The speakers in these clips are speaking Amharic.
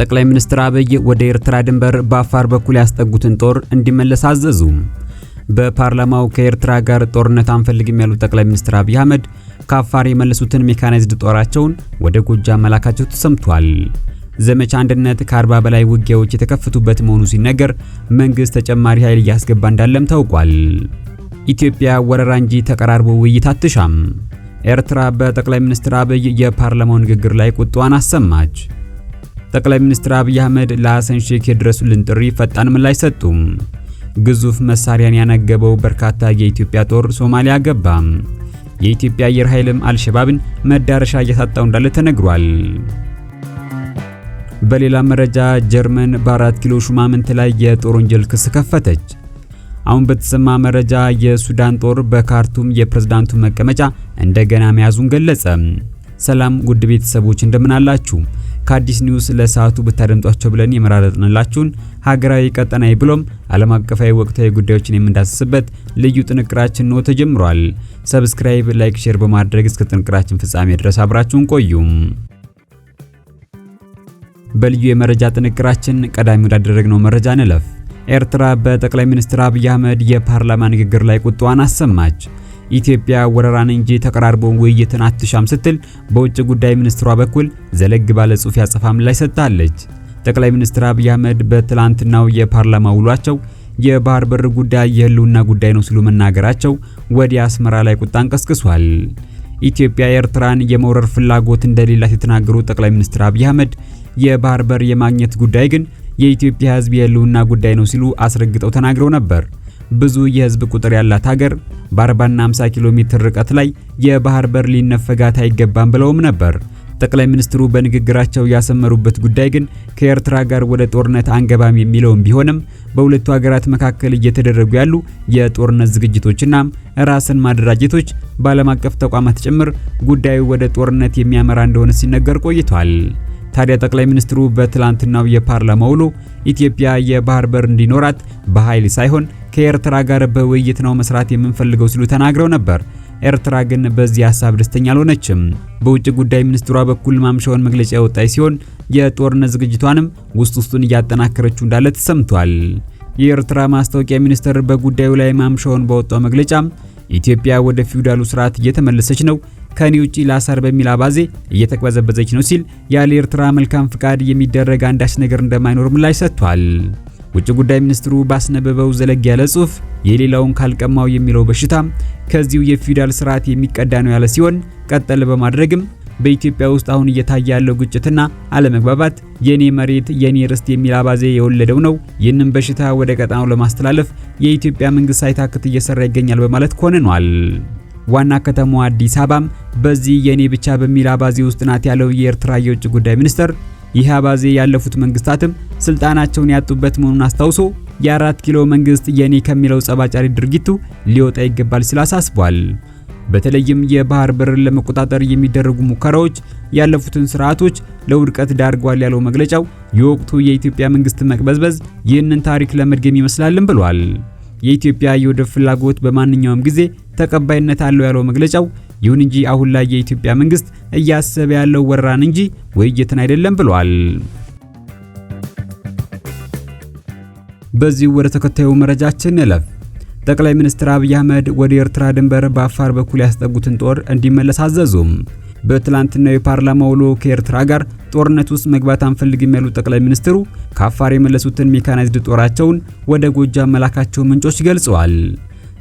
ጠቅላይ ሚኒስትር አብይ ወደ ኤርትራ ድንበር በአፋር በኩል ያስጠጉትን ጦር እንዲመለስ አዘዙ። በፓርላማው ከኤርትራ ጋር ጦርነት አንፈልግም ያሉት ጠቅላይ ሚኒስትር አብይ አህመድ ከአፋር የመለሱትን ሜካናይዝድ ጦራቸውን ወደ ጎጃም መላካቸው ተሰምቷል። ዘመቻ አንድነት ከ40 በላይ ውጊያዎች የተከፈቱበት መሆኑ ሲነገር መንግስት ተጨማሪ ኃይል እያስገባ እንዳለም ታውቋል። ኢትዮጵያ ወረራ እንጂ ተቀራርቦ ውይይት አትሻም። ኤርትራ በጠቅላይ ሚኒስትር አብይ የፓርላማው ንግግር ላይ ቁጣዋን አሰማች። ጠቅላይ ሚኒስትር አብይ አህመድ ለሐሰን ሼክ የድረሱልን ጥሪ ፈጣን ምላሽ ሰጡም። ግዙፍ መሳሪያን ያነገበው በርካታ የኢትዮጵያ ጦር ሶማሊያ ገባ። የኢትዮጵያ አየር ኃይልም አልሸባብን መዳረሻ እያሳጣው እንዳለ ተነግሯል። በሌላ መረጃ ጀርመን በአራት ኪሎ ሹማምንት ላይ የጦር ወንጀል ክስ ከፈተች። አሁን በተሰማ መረጃ የሱዳን ጦር በካርቱም የፕሬዝዳንቱ መቀመጫ እንደገና መያዙን ገለጸ። ሰላም ውድ ቤተሰቦች እንደምን አላችሁ? ከአዲስ ኒውስ ለሰዓቱ ብታደምጧቸው ብለን የመራረጥንላችሁን ሀገራዊ፣ ቀጠናዊ ብሎም ዓለም አቀፋዊ ወቅታዊ ጉዳዮችን የምንዳስስበት ልዩ ጥንቅራችን ነው ተጀምሯል። ሰብስክራይብ፣ ላይክ፣ ሼር በማድረግ እስከ ጥንቅራችን ፍጻሜ ድረስ አብራችሁን ቆዩም። በልዩ የመረጃ ጥንቅራችን ቀዳሚ ወዳደረግነው መረጃ እንለፍ። ኤርትራ በጠቅላይ ሚኒስትር አብይ አህመድ የፓርላማ ንግግር ላይ ቁጣዋን አሰማች። ኢትዮጵያ ወረራን እንጂ ተቀራርቦ ውይይትን አትሻም ስትል በውጭ ጉዳይ ሚኒስትሯ በኩል ዘለግ ባለ ጽሑፍ ያጸፋ ምላሽ ሰጥታለች። ጠቅላይ ሚኒስትር አብይ አህመድ በትላንትናው የፓርላማ ውሏቸው የባህር በር ጉዳይ የህልውና ጉዳይ ነው ሲሉ መናገራቸው ወዲያ አስመራ ላይ ቁጣን ቀስቅሷል። ኢትዮጵያ ኤርትራን የመውረር ፍላጎት እንደሌላት የተናገሩት ጠቅላይ ሚኒስትር አብይ አህመድ የባህር በር የማግኘት ጉዳይ ግን የኢትዮጵያ ሕዝብ የህልውና ጉዳይ ነው ሲሉ አስረግጠው ተናግረው ነበር። ብዙ የህዝብ ቁጥር ያላት ሀገር በ40ና 50 ኪሎ ሜትር ርቀት ላይ የባህር በር ሊነፈጋት አይገባም ብለውም ነበር። ጠቅላይ ሚኒስትሩ በንግግራቸው ያሰመሩበት ጉዳይ ግን ከኤርትራ ጋር ወደ ጦርነት አንገባም የሚለውም ቢሆንም በሁለቱ ሀገራት መካከል እየተደረጉ ያሉ የጦርነት ዝግጅቶችና ራስን ማደራጀቶች በዓለም አቀፍ ተቋማት ጭምር ጉዳዩ ወደ ጦርነት የሚያመራ እንደሆነ ሲነገር ቆይቷል። ታዲያ ጠቅላይ ሚኒስትሩ በትላንትናው የፓርላማ ውሎ ኢትዮጵያ የባህር በር እንዲኖራት በኃይል ሳይሆን ከኤርትራ ጋር በውይይት ነው መስራት የምንፈልገው ሲሉ ተናግረው ነበር። ኤርትራ ግን በዚህ ሀሳብ ደስተኛ አልሆነችም። በውጭ ጉዳይ ሚኒስትሯ በኩል ማምሻውን መግለጫ የወጣች ሲሆን የጦርነት ዝግጅቷንም ውስጥ ውስጡን እያጠናከረችው እንዳለ ተሰምቷል። የኤርትራ ማስታወቂያ ሚኒስትር በጉዳዩ ላይ ማምሻውን በወጣው መግለጫ ኢትዮጵያ ወደ ፊውዳሉ ስርዓት እየተመለሰች ነው ከኔ ውጪ ላሳር በሚል አባዜ እየተቅበዘበዘች ነው ሲል ያለ ኤርትራ መልካም ፍቃድ የሚደረግ አንዳች ነገር እንደማይኖር ምላሽ ሰጥቷል። ውጭ ጉዳይ ሚኒስትሩ ባስነበበው ዘለግ ያለ ጽሁፍ የሌላውን ካልቀማው የሚለው በሽታ ከዚሁ የፊውዳል ስርዓት የሚቀዳ ነው ያለ ሲሆን ቀጠል በማድረግም በኢትዮጵያ ውስጥ አሁን እየታየ ያለው ግጭትና አለመግባባት የኔ መሬት የኔ ርስት የሚል አባዜ የወለደው ነው። ይህንን በሽታ ወደ ቀጠናው ለማስተላለፍ የኢትዮጵያ መንግስት ሳይታክት እየሰራ ይገኛል በማለት ኮንኗል። ዋና ከተማዋ አዲስ አበባም በዚህ የኔ ብቻ በሚል አባዜ ውስጥ ናት ያለው የኤርትራ የውጭ ጉዳይ ሚኒስትር ይህ አባዜ ያለፉት መንግስታትም ስልጣናቸውን ያጡበት መሆኑን አስታውሶ የአራት ኪሎ መንግስት የኔ ከሚለው ጸባጫሪ ድርጊቱ ሊወጣ ይገባል ሲል አሳስቧል። በተለይም የባህር በርን ለመቆጣጠር የሚደረጉ ሙከራዎች ያለፉትን ስርዓቶች ለውድቀት ዳርጓል ያለው መግለጫው የወቅቱ የኢትዮጵያ መንግስት መቅበዝበዝ ይህንን ታሪክ ለመድገም ይመስላልም ብሏል። የኢትዮጵያ የወደብ ፍላጎት በማንኛውም ጊዜ ተቀባይነት አለው ያለው መግለጫው፣ ይሁን እንጂ አሁን ላይ የኢትዮጵያ መንግስት እያሰበ ያለው ወረራን እንጂ ውይይትን አይደለም ብሏል። በዚህ ወደ ተከታዩ መረጃችን ለፍ ጠቅላይ ሚኒስትር አብይ አህመድ ወደ ኤርትራ ድንበር በአፋር በኩል ያስጠጉትን ጦር እንዲመለስ አዘዙም። በትላንትናው የፓርላማ ውሎ ከኤርትራ ጋር ጦርነት ውስጥ መግባት አንፈልግም ያሉት ጠቅላይ ሚኒስትሩ ከአፋር የመለሱትን ሜካናይዝድ ጦራቸውን ወደ ጎጃም መላካቸው ምንጮች ገልጸዋል።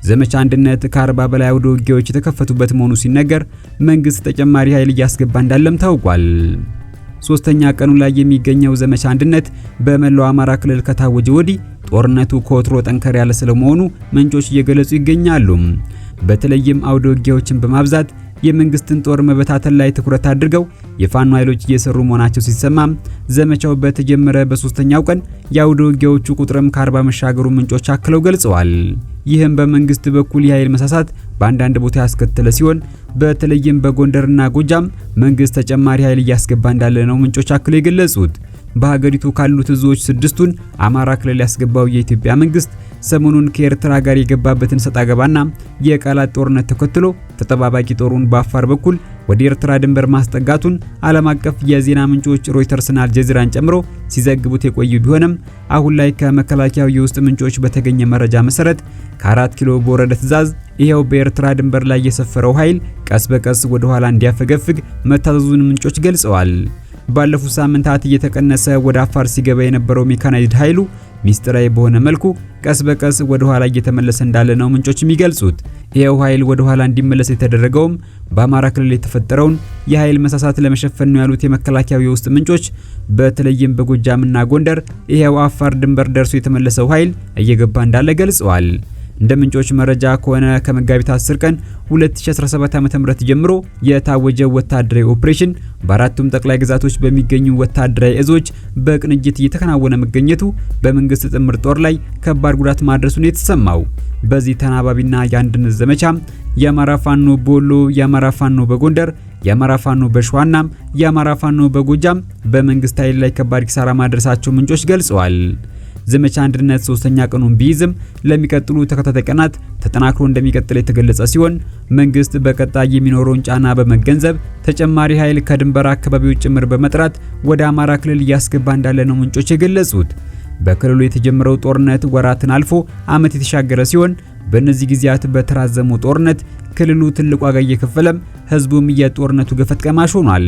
ዘመቻ አንድነት ከአርባ በላይ አውደ ውጊያዎች የተከፈቱበት መሆኑ ሲነገር መንግስት ተጨማሪ ኃይል እያስገባ እንዳለም ታውቋል። ሶስተኛ ቀኑ ላይ የሚገኘው ዘመቻ አንድነት በመላው አማራ ክልል ከታወጀ ወዲህ ጦርነቱ ከወትሮ ጠንከር ያለ ስለመሆኑ ምንጮች እየገለጹ ይገኛሉ። በተለይም አውደ ውጊያዎችን በማብዛት የመንግስትን ጦር መበታተን ላይ ትኩረት አድርገው የፋኖ ኃይሎች እየሰሩ መሆናቸው ሲሰማ ዘመቻው በተጀመረ በሶስተኛው ቀን የአውደ ውጊያዎቹ ቁጥርም ከአርባ መሻገሩ ምንጮች አክለው ገልጸዋል። ይህም በመንግስት በኩል የኃይል መሳሳት በአንዳንድ ቦታ ያስከተለ ሲሆን በተለይም በጎንደርና ጎጃም መንግስት ተጨማሪ ኃይል እያስገባ እንዳለ ነው ምንጮች አክለው የገለጹት። በሀገሪቱ ካሉት እዞች ስድስቱን አማራ ክልል ያስገባው የኢትዮጵያ መንግስት ሰሞኑን ከኤርትራ ጋር የገባበትን ሰጣ አገባና የቃላት ጦርነት ተከትሎ ተጠባባቂ ጦሩን በአፋር በኩል ወደ ኤርትራ ድንበር ማስጠጋቱን ዓለም አቀፍ የዜና ምንጮች ሮይተርስና አልጀዚራን ጨምሮ ሲዘግቡት የቆዩ ቢሆንም አሁን ላይ ከመከላከያው የውስጥ ምንጮች በተገኘ መረጃ መሰረት ከአራት ኪሎ በወረደ ትዕዛዝ ይኸው በኤርትራ ድንበር ላይ የሰፈረው ኃይል ቀስ በቀስ ወደ ኋላ እንዲያፈገፍግ መታዘዙን ምንጮች ገልጸዋል። ባለፉት ሳምንታት እየተቀነሰ ወደ አፋር ሲገባ የነበረው ሜካናይዝድ ኃይሉ ሚስጥራዊ በሆነ መልኩ ቀስ በቀስ ወደ ኋላ እየተመለሰ እንዳለ ነው ምንጮች የሚገልጹት። ይኸው ኃይል ወደ ኋላ እንዲመለስ የተደረገውም በአማራ ክልል የተፈጠረውን የኃይል መሳሳት ለመሸፈን ነው ያሉት የመከላከያው የውስጥ ምንጮች። በተለይም በጎጃምና ጎንደር ይኸው አፋር ድንበር ደርሶ የተመለሰው ኃይል እየገባ እንዳለ ገልጸዋል። እንደ ምንጮች መረጃ ከሆነ ከመጋቢት 10 ቀን 2017 ዓ.ም ጀምሮ የታወጀ ወታደራዊ ኦፕሬሽን በአራቱም ጠቅላይ ግዛቶች በሚገኙ ወታደራዊ እዞች በቅንጅት እየተከናወነ መገኘቱ በመንግስት ጥምር ጦር ላይ ከባድ ጉዳት ማድረሱን የተሰማው በዚህ ተናባቢና የአንድነት ዘመቻ የአማራ ፋኖ ቦሎ፣ የአማራ ፋኖ በጎንደር፣ የአማራ ፋኖ በሸዋናም፣ የአማራ ፋኖ በጎጃም በመንግስት ኃይል ላይ ከባድ ኪሳራ ማድረሳቸው ምንጮች ገልጸዋል። ዘመቻ አንድነት ሶስተኛ ቀኑን ቢይዝም ለሚቀጥሉ ተከታታይ ቀናት ተጠናክሮ እንደሚቀጥል የተገለጸ ሲሆን መንግስት በቀጣይ የሚኖረውን ጫና በመገንዘብ ተጨማሪ ኃይል ከድንበር አካባቢዎች ጭምር በመጥራት ወደ አማራ ክልል እያስገባ እንዳለ ነው ምንጮች የገለጹት። በክልሉ የተጀመረው ጦርነት ወራትን አልፎ ዓመት የተሻገረ ሲሆን በእነዚህ ጊዜያት በተራዘመው ጦርነት ክልሉ ትልቅ ዋጋ እየከፈለም ህዝቡም የጦርነቱ ገፈት ቀማሽ ሆኗል።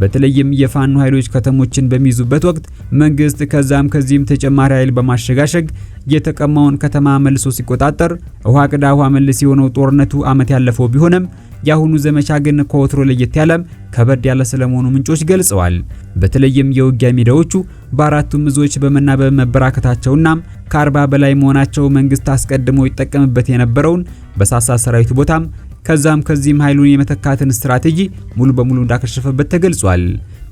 በተለይም የፋኖ ኃይሎች ከተሞችን በሚይዙበት ወቅት መንግስት ከዛም ከዚህም ተጨማሪ ኃይል በማሸጋሸግ የተቀማውን ከተማ መልሶ ሲቆጣጠር ውሃ ቅዳ ውሃ መልስ የሆነው ጦርነቱ ዓመት ያለፈው ቢሆንም የአሁኑ ዘመቻ ግን ከወትሮ ለየት ያለም ከበድ ያለ ስለመሆኑ ምንጮች ገልጸዋል። በተለይም የውጊያ ሜዳዎቹ በአራቱም እዞች በመናበብ መበራከታቸውና ከአርባ በላይ መሆናቸው መንግስት አስቀድሞ ይጠቀምበት የነበረውን በሳሳ ሰራዊት ቦታም ከዛም ከዚህም ኃይሉን የመተካትን ስትራቴጂ ሙሉ በሙሉ እንዳከሸፈበት ተገልጿል።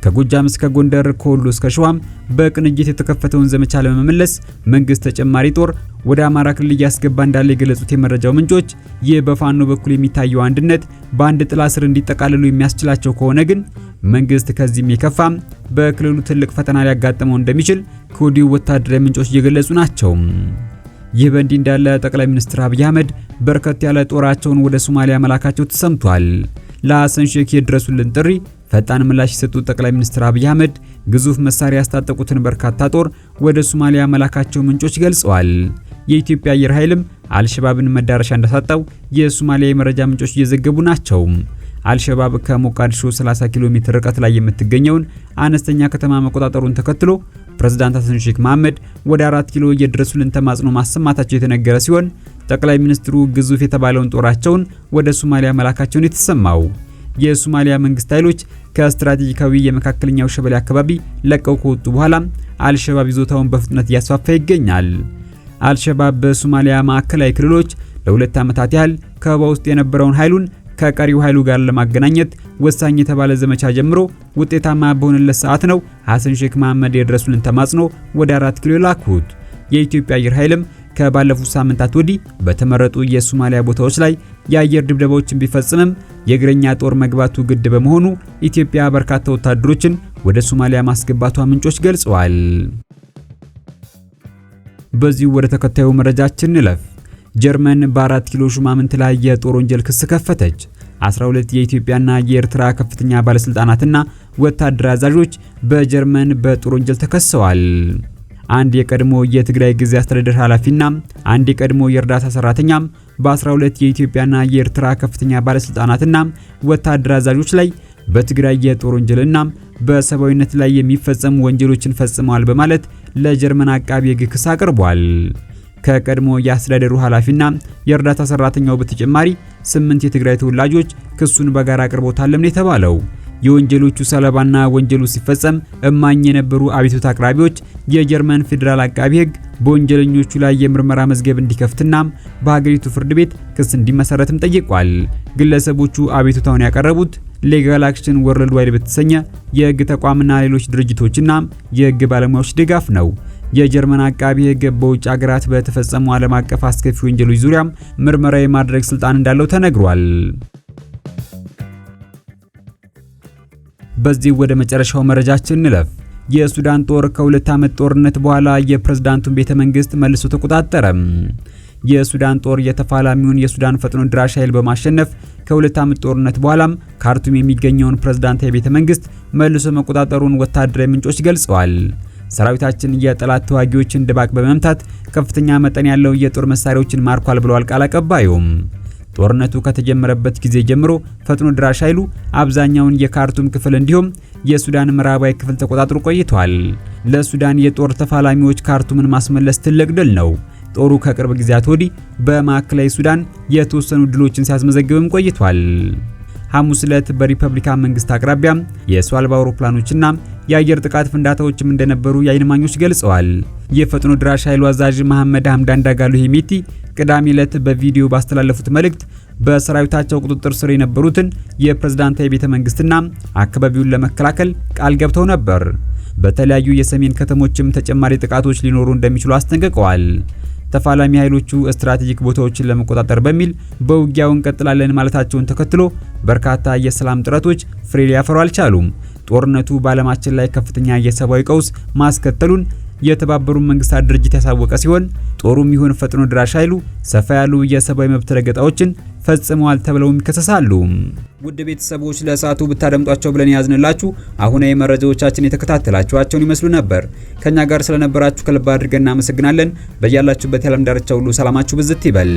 ከጎጃም እስከ ጎንደር ከወሎ እስከ ሸዋም በቅንጅት የተከፈተውን ዘመቻ ለመመለስ መንግስት ተጨማሪ ጦር ወደ አማራ ክልል እያስገባ እንዳለ የገለጹት የመረጃው ምንጮች ይህ በፋኖ በኩል የሚታየው አንድነት በአንድ ጥላ ስር እንዲጠቃለሉ የሚያስችላቸው ከሆነ ግን መንግስት ከዚህም የከፋም በክልሉ ትልቅ ፈተና ሊያጋጥመው እንደሚችል ከወዲሁ ወታደራዊ ምንጮች እየገለጹ ናቸው። ይህ በእንዲህ እንዳለ ጠቅላይ ሚኒስትር አብይ አህመድ በርከት ያለ ጦራቸውን ወደ ሶማሊያ መላካቸው ተሰምቷል። ለሐሰን ሼክ የድረሱልን ጥሪ ፈጣን ምላሽ የሰጡት ጠቅላይ ሚኒስትር አብይ አህመድ ግዙፍ መሳሪያ ያስታጠቁትን በርካታ ጦር ወደ ሶማሊያ መላካቸው ምንጮች ገልጸዋል። የኢትዮጵያ አየር ኃይልም አልሸባብን መዳረሻ እንዳሳጣው የሶማሊያ የመረጃ ምንጮች እየዘገቡ ናቸው። አልሸባብ ከሞቃዲሾ 30 ኪሎ ሜትር ርቀት ላይ የምትገኘውን አነስተኛ ከተማ መቆጣጠሩን ተከትሎ ፕሬዝዳንት ሀሰን ሼክ መሐመድ ወደ አራት ኪሎ የድረሱልን ተማጽኖ ማሰማታቸው የተነገረ ሲሆን ጠቅላይ ሚኒስትሩ ግዙፍ የተባለውን ጦራቸውን ወደ ሶማሊያ መላካቸውን የተሰማው የሶማሊያ መንግስት ኃይሎች ከስትራቴጂካዊ የመካከለኛው ሸበሌ አካባቢ ለቀው ከወጡ በኋላ አልሸባብ ይዞታውን በፍጥነት እያስፋፋ ይገኛል። አልሸባብ በሶማሊያ ማዕከላዊ ክልሎች ለሁለት ዓመታት ያህል ከበባ ውስጥ የነበረውን ኃይሉን ከቀሪው ኃይሉ ጋር ለማገናኘት ወሳኝ የተባለ ዘመቻ ጀምሮ ውጤታማ በሆነለት ሰዓት ነው ሐሰን ሼክ መሐመድ የድረሱልን ተማጽኖ ወደ አራት ኪሎ ላኩት። የኢትዮጵያ አየር ኃይልም ከባለፉት ሳምንታት ወዲህ በተመረጡ የሶማሊያ ቦታዎች ላይ የአየር ድብደባዎችን ቢፈጽምም የእግረኛ ጦር መግባቱ ግድ በመሆኑ ኢትዮጵያ በርካታ ወታደሮችን ወደ ሶማሊያ ማስገባቷ ምንጮች ገልጸዋል። በዚሁ ወደ ተከታዩ መረጃችን እንለፍ። ጀርመን በአራት ኪሎ ሹማምንት ላይ የጦር ወንጀል ክስ ከፈተች። 12 የኢትዮጵያና የኤርትራ ከፍተኛ ባለስልጣናትና ወታደር አዛዦች በጀርመን በጦር ወንጀል ተከሰዋል። አንድ የቀድሞ የትግራይ ጊዜያዊ አስተዳደር ኃላፊና አንድ የቀድሞ የእርዳታ ሰራተኛም በ12 የኢትዮጵያና የኤርትራ ከፍተኛ ባለስልጣናትና ወታደር አዛዦች ላይ በትግራይ የጦር ወንጀልና በሰብአዊነት ላይ የሚፈጸሙ ወንጀሎችን ፈጽመዋል በማለት ለጀርመን አቃቢ ሕግ ክስ አቅርቧል። ከቀድሞ የአስተዳደሩ ኃላፊና የእርዳታ ሰራተኛው በተጨማሪ ስምንት የትግራይ ተወላጆች ክሱን በጋራ አቅርቦታለም ነው የተባለው። የወንጀሎቹ ሰለባና ወንጀሉ ሲፈጸም እማኝ የነበሩ አቤቱት አቅራቢዎች የጀርመን ፌዴራል አቃቢ ሕግ በወንጀለኞቹ ላይ የምርመራ መዝገብ እንዲከፍትና በሀገሪቱ ፍርድ ቤት ክስ እንዲመሰረትም ጠይቋል። ግለሰቦቹ አቤቱታውን ያቀረቡት ሌጋል አክሽን ወርልድ ዋይድ በተሰኘ የህግ ተቋምና ሌሎች ድርጅቶችና የህግ ባለሙያዎች ድጋፍ ነው። የጀርመን አቃቢ ሕግ በውጭ ሀገራት በተፈጸሙ ዓለም አቀፍ አስከፊ ወንጀሎች ዙሪያ ምርመራ የማድረግ ስልጣን እንዳለው ተነግሯል። በዚህ ወደ መጨረሻው መረጃችን እንለፍ። የሱዳን ጦር ከሁለት ዓመት ጦርነት በኋላ የፕሬዝዳንቱን ቤተ መንግስት መልሶ ተቆጣጠረ። የሱዳን ጦር የተፋላሚውን የሱዳን ፈጥኖ ድራሽ ኃይል በማሸነፍ ከሁለት ዓመት ጦርነት በኋላም ካርቱም የሚገኘውን ፕሬዝዳንታዊ ቤተ መንግስት መልሶ መቆጣጠሩን ወታደራዊ ምንጮች ገልጸዋል። ሰራዊታችን የጠላት ተዋጊዎችን ድባቅ በመምታት ከፍተኛ መጠን ያለው የጦር መሳሪያዎችን ማርኳል ብለዋል ቃል አቀባዩም። ጦርነቱ ከተጀመረበት ጊዜ ጀምሮ ፈጥኖ ድራሽ ኃይሉ አብዛኛውን የካርቱም ክፍል እንዲሁም የሱዳን ምዕራባዊ ክፍል ተቆጣጥሮ ቆይቷል። ለሱዳን የጦር ተፋላሚዎች ካርቱምን ማስመለስ ትልቅ ድል ነው። ጦሩ ከቅርብ ጊዜያት ወዲህ በማዕከላዊ ሱዳን የተወሰኑ ድሎችን ሲያስመዘግብም ቆይቷል። ሐሙስ ዕለት በሪፐብሊካን መንግስት አቅራቢያ የሰው አልባ አውሮፕላኖችና የአየር ጥቃት ፍንዳታዎችም እንደነበሩ የአይን ማኞች ገልጸዋል። የፈጥኖ ድራሽ ኃይሉ አዛዥ መሐመድ ሐምዳን ዳጋሎ ሄሜቲ ቅዳሜ ዕለት በቪዲዮ ባስተላለፉት መልእክት በሰራዊታቸው ቁጥጥር ስር የነበሩትን የፕሬዝዳንታዊ ቤተ መንግስትና አካባቢውን ለመከላከል ቃል ገብተው ነበር። በተለያዩ የሰሜን ከተሞችም ተጨማሪ ጥቃቶች ሊኖሩ እንደሚችሉ አስጠንቅቀዋል። ተፋላሚ ኃይሎቹ ስትራቴጂክ ቦታዎችን ለመቆጣጠር በሚል በውጊያው እንቀጥላለን ማለታቸውን ተከትሎ በርካታ የሰላም ጥረቶች ፍሬ ሊያፈሩ አልቻሉም። ጦርነቱ በዓለማችን ላይ ከፍተኛ የሰብአዊ ቀውስ ማስከተሉን የተባበሩት መንግስታት ድርጅት ያሳወቀ ሲሆን ጦሩም ይሁን ፈጥኖ ድራሽ ኃይሉ ሰፋ ያሉ የሰብአዊ መብት ረገጣዎችን ፈጽመዋል ተብለውም ይከሰሳሉ። ውድ ቤተሰቦች ለሰዓቱ ብታደምጧቸው ብለን ያዝንላችሁ አሁን የመረጃዎቻችን የተከታተላችኋቸውን ይመስሉ ነበር። ከኛ ጋር ስለነበራችሁ ከልብ አድርገን እናመሰግናለን። በያላችሁበት የዓለም ዳርቻ ሁሉ ሰላማችሁ ብዝት ይበል።